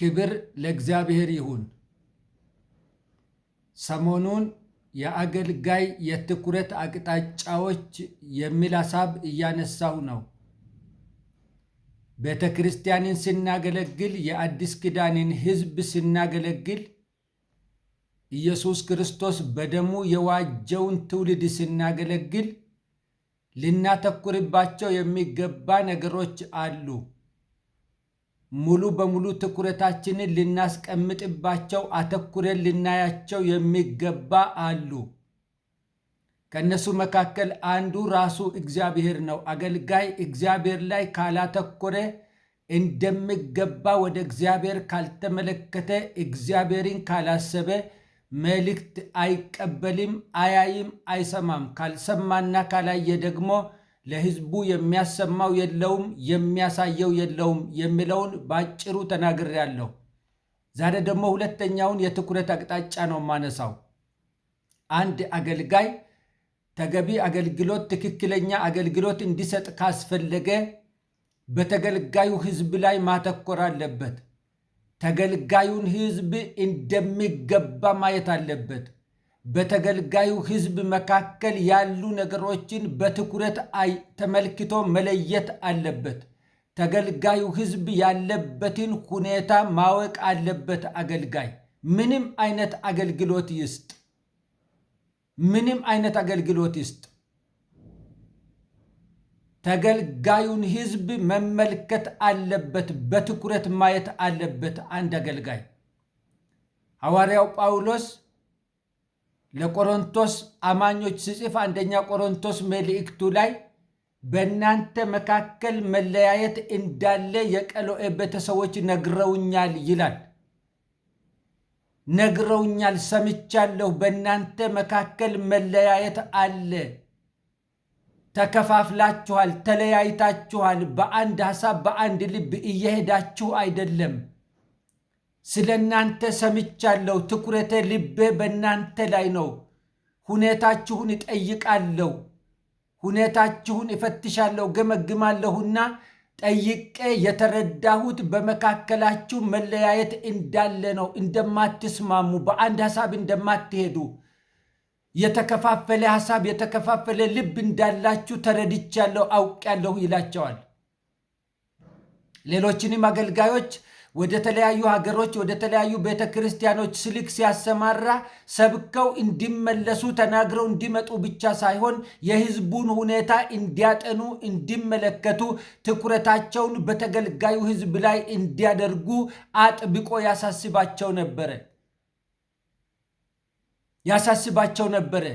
ክብር ለእግዚአብሔር ይሁን። ሰሞኑን የአገልጋይ የትኩረት አቅጣጫዎች የሚል ሀሳብ እያነሳሁ ነው። ቤተ ክርስቲያንን ስናገለግል፣ የአዲስ ኪዳንን ሕዝብ ስናገለግል፣ ኢየሱስ ክርስቶስ በደሙ የዋጀውን ትውልድ ስናገለግል ልናተኩርባቸው የሚገባ ነገሮች አሉ። ሙሉ በሙሉ ትኩረታችንን ልናስቀምጥባቸው አተኩረን ልናያቸው የሚገባ አሉ። ከእነሱ መካከል አንዱ ራሱ እግዚአብሔር ነው። አገልጋይ እግዚአብሔር ላይ ካላተኮረ እንደሚገባ ወደ እግዚአብሔር ካልተመለከተ፣ እግዚአብሔርን ካላሰበ መልእክት አይቀበልም፣ አያይም፣ አይሰማም። ካልሰማና ካላየ ደግሞ ለህዝቡ የሚያሰማው የለውም፣ የሚያሳየው የለውም የሚለውን በአጭሩ ተናግሬያለሁ። ዛሬ ደግሞ ሁለተኛውን የትኩረት አቅጣጫ ነው የማነሳው። አንድ አገልጋይ ተገቢ አገልግሎት፣ ትክክለኛ አገልግሎት እንዲሰጥ ካስፈለገ በተገልጋዩ ህዝብ ላይ ማተኮር አለበት። ተገልጋዩን ህዝብ እንደሚገባ ማየት አለበት። በተገልጋዩ ሕዝብ መካከል ያሉ ነገሮችን በትኩረት ተመልክቶ መለየት አለበት። ተገልጋዩ ሕዝብ ያለበትን ሁኔታ ማወቅ አለበት። አገልጋይ ምንም አይነት አገልግሎት ይስጥ ምንም አይነት አገልግሎት ይስጥ ተገልጋዩን ሕዝብ መመልከት አለበት፣ በትኩረት ማየት አለበት። አንድ አገልጋይ ሐዋርያው ጳውሎስ ለቆሮንቶስ አማኞች ስጽፍ አንደኛ ቆሮንቶስ መልእክቱ ላይ በእናንተ መካከል መለያየት እንዳለ የቀሎኤ ቤተሰቦች ነግረውኛል ይላል። ነግረውኛል፣ ሰምቻለሁ። በእናንተ መካከል መለያየት አለ፣ ተከፋፍላችኋል፣ ተለያይታችኋል። በአንድ ሀሳብ በአንድ ልብ እየሄዳችሁ አይደለም ስለ እናንተ ሰምቻለሁ። ትኩረተ ልቤ በእናንተ ላይ ነው። ሁኔታችሁን እጠይቃለሁ፣ ሁኔታችሁን እፈትሻለሁ፣ ገመግማለሁና ጠይቄ የተረዳሁት በመካከላችሁ መለያየት እንዳለ ነው። እንደማትስማሙ፣ በአንድ ሀሳብ እንደማትሄዱ፣ የተከፋፈለ ሀሳብ፣ የተከፋፈለ ልብ እንዳላችሁ ተረድቻለሁ፣ አውቅያለሁ ይላቸዋል። ሌሎችንም አገልጋዮች ወደ ተለያዩ ሀገሮች ወደ ተለያዩ ቤተ ክርስቲያኖች ስልክ ሲያሰማራ ሰብከው እንዲመለሱ ተናግረው እንዲመጡ ብቻ ሳይሆን የህዝቡን ሁኔታ እንዲያጠኑ፣ እንዲመለከቱ፣ ትኩረታቸውን በተገልጋዩ ህዝብ ላይ እንዲያደርጉ አጥብቆ ያሳስባቸው ነበረ ያሳስባቸው ነበረ።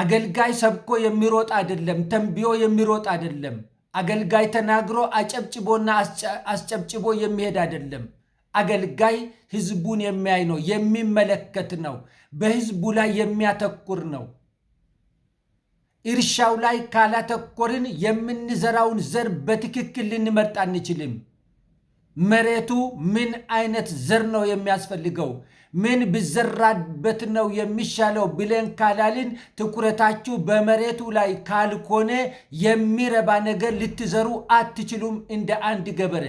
አገልጋይ ሰብኮ የሚሮጥ አይደለም፣ ተንብዮ የሚሮጥ አይደለም። አገልጋይ ተናግሮ አጨብጭቦና አስጨብጭቦ የሚሄድ አይደለም። አገልጋይ ህዝቡን የሚያይ ነው፣ የሚመለከት ነው፣ በህዝቡ ላይ የሚያተኩር ነው። እርሻው ላይ ካላተኮርን የምንዘራውን ዘር በትክክል ልንመርጥ አንችልም። መሬቱ ምን አይነት ዘር ነው የሚያስፈልገው? ምን ብዘራበት ነው የሚሻለው ብለን ካላልን፣ ትኩረታችሁ በመሬቱ ላይ ካልሆነ የሚረባ ነገር ልትዘሩ አትችሉም እንደ አንድ ገበሬ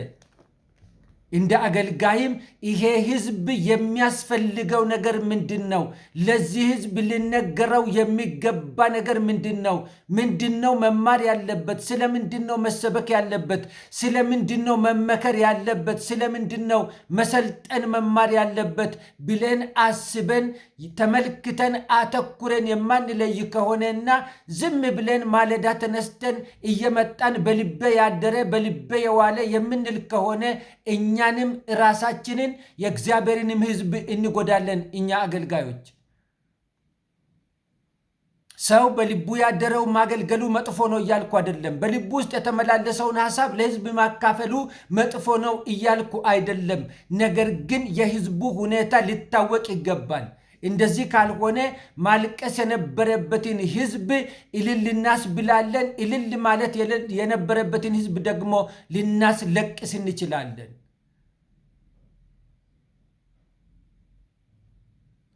እንደ አገልጋይም ይሄ ህዝብ የሚያስፈልገው ነገር ምንድን ነው? ለዚህ ህዝብ ልነገረው የሚገባ ነገር ምንድን ነው? ምንድን ነው መማር ያለበት? ስለ ምንድን ነው መሰበክ ያለበት? ስለ ምንድን ነው መመከር ያለበት? ስለ ምንድን ነው መሰልጠን መማር ያለበት ብለን አስበን ተመልክተን አተኩረን የማንለይ ከሆነና ዝም ብለን ማለዳ ተነስተን እየመጣን በልቤ ያደረ በልቤ የዋለ የምንል ከሆነ እኛንም ራሳችንን የእግዚአብሔርንም ሕዝብ እንጎዳለን። እኛ አገልጋዮች ሰው በልቡ ያደረው ማገልገሉ መጥፎ ነው እያልኩ አይደለም። በልቡ ውስጥ የተመላለሰውን ሀሳብ ለህዝብ ማካፈሉ መጥፎ ነው እያልኩ አይደለም። ነገር ግን የህዝቡ ሁኔታ ሊታወቅ ይገባል። እንደዚህ ካልሆነ ማልቀስ የነበረበትን ህዝብ እልል ልናስብላለን፣ እልል ማለት የነበረበትን ህዝብ ደግሞ ልናስለቅስ እንችላለን።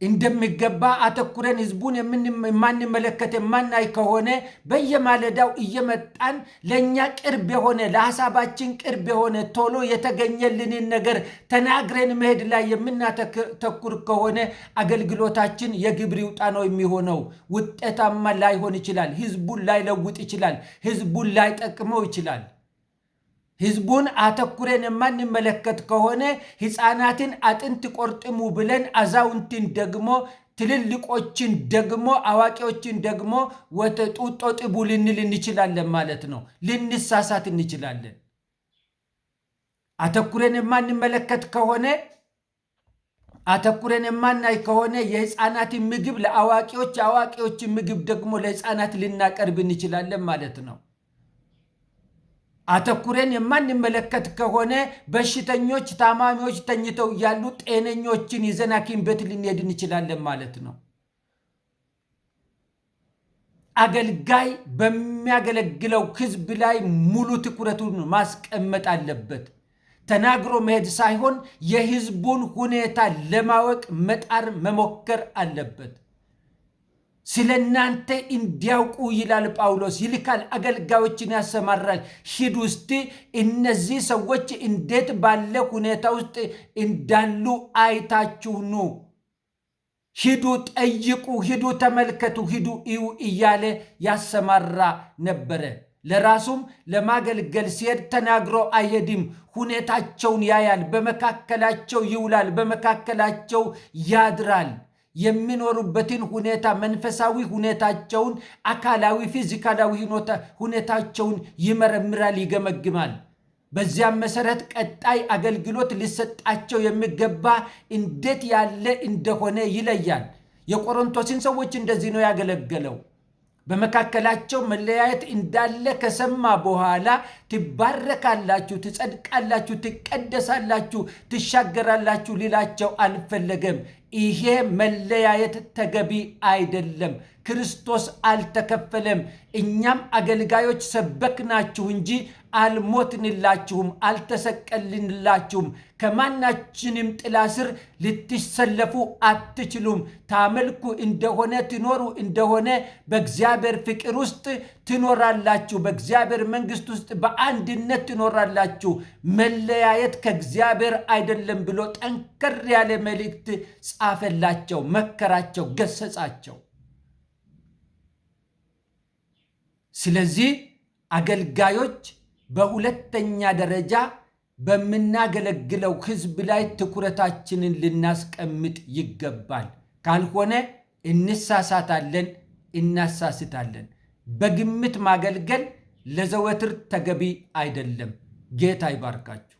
እንደሚገባ አተኩረን ህዝቡን የማንመለከት የማናይ ከሆነ በየማለዳው እየመጣን ለእኛ ቅርብ የሆነ ለሀሳባችን ቅርብ የሆነ ቶሎ የተገኘልንን ነገር ተናግረን መሄድ ላይ የምናተኩር ከሆነ አገልግሎታችን የግብር ይውጣ ነው የሚሆነው። ውጤታማ ላይሆን ይችላል። ህዝቡን ላይለውጥ ይችላል። ህዝቡን ላይጠቅመው ይችላል። ህዝቡን አተኩረን የማንመለከት ከሆነ ህፃናትን አጥንት ቆርጥሙ ብለን አዛውንትን ደግሞ ትልልቆችን ደግሞ አዋቂዎችን ደግሞ ወተጡጦ ጥቡ ልንል እንችላለን ማለት ነው። ልንሳሳት እንችላለን። አተኩረን የማንመለከት ከሆነ አተኩረን የማናይ ከሆነ የህፃናትን ምግብ ለአዋቂዎች፣ የአዋቂዎችን ምግብ ደግሞ ለህፃናት ልናቀርብ እንችላለን ማለት ነው። አተኩረን የማንመለከት ከሆነ በሽተኞች፣ ታማሚዎች ተኝተው እያሉ ጤነኞችን ይዘን ሐኪም ቤት ልንሄድ እንችላለን ማለት ነው። አገልጋይ በሚያገለግለው ሕዝብ ላይ ሙሉ ትኩረቱን ማስቀመጥ አለበት። ተናግሮ መሄድ ሳይሆን የሕዝቡን ሁኔታ ለማወቅ መጣር መሞከር አለበት። ስለ እናንተ እንዲያውቁ ይላል ጳውሎስ፣ ይልካል፣ አገልጋዮችን ያሰማራል። ሂድ ውስጥ እነዚህ ሰዎች እንዴት ባለ ሁኔታ ውስጥ እንዳሉ አይታችሁ ኑ። ሂዱ፣ ጠይቁ፣ ሂዱ፣ ተመልከቱ፣ ሂዱ እዩ እያለ ያሰማራ ነበረ። ለራሱም ለማገልገል ሲሄድ ተናግሮ አይሄድም። ሁኔታቸውን ያያል፣ በመካከላቸው ይውላል፣ በመካከላቸው ያድራል። የሚኖሩበትን ሁኔታ መንፈሳዊ ሁኔታቸውን፣ አካላዊ ፊዚካላዊ ሁኔታቸውን ይመረምራል፣ ይገመግማል። በዚያም መሰረት ቀጣይ አገልግሎት ሊሰጣቸው የሚገባ እንዴት ያለ እንደሆነ ይለያል። የቆሮንቶስን ሰዎች እንደዚህ ነው ያገለገለው። በመካከላቸው መለያየት እንዳለ ከሰማ በኋላ ትባረካላችሁ፣ ትጸድቃላችሁ፣ ትቀደሳላችሁ፣ ትሻገራላችሁ ሊላቸው አልፈለገም። ይሄ መለያየት ተገቢ አይደለም። ክርስቶስ አልተከፈለም። እኛም አገልጋዮች ሰበክናችሁ እንጂ አልሞትንላችሁም፣ አልተሰቀልንላችሁም። ከማናችንም ጥላ ስር ልትሰለፉ አትችሉም። ታመልኩ እንደሆነ ትኖሩ እንደሆነ በእግዚአብሔር ፍቅር ውስጥ ትኖራላችሁ። በእግዚአብሔር መንግስት ውስጥ በአንድነት ትኖራላችሁ። መለያየት ከእግዚአብሔር አይደለም ብሎ ጠንከር ያለ መልእክት ጻፈላቸው፣ መከራቸው፣ ገሰጻቸው። ስለዚህ አገልጋዮች በሁለተኛ ደረጃ በምናገለግለው ህዝብ ላይ ትኩረታችንን ልናስቀምጥ ይገባል። ካልሆነ እንሳሳታለን፣ እናሳስታለን። በግምት ማገልገል ለዘወትር ተገቢ አይደለም። ጌታ ይባርካችሁ።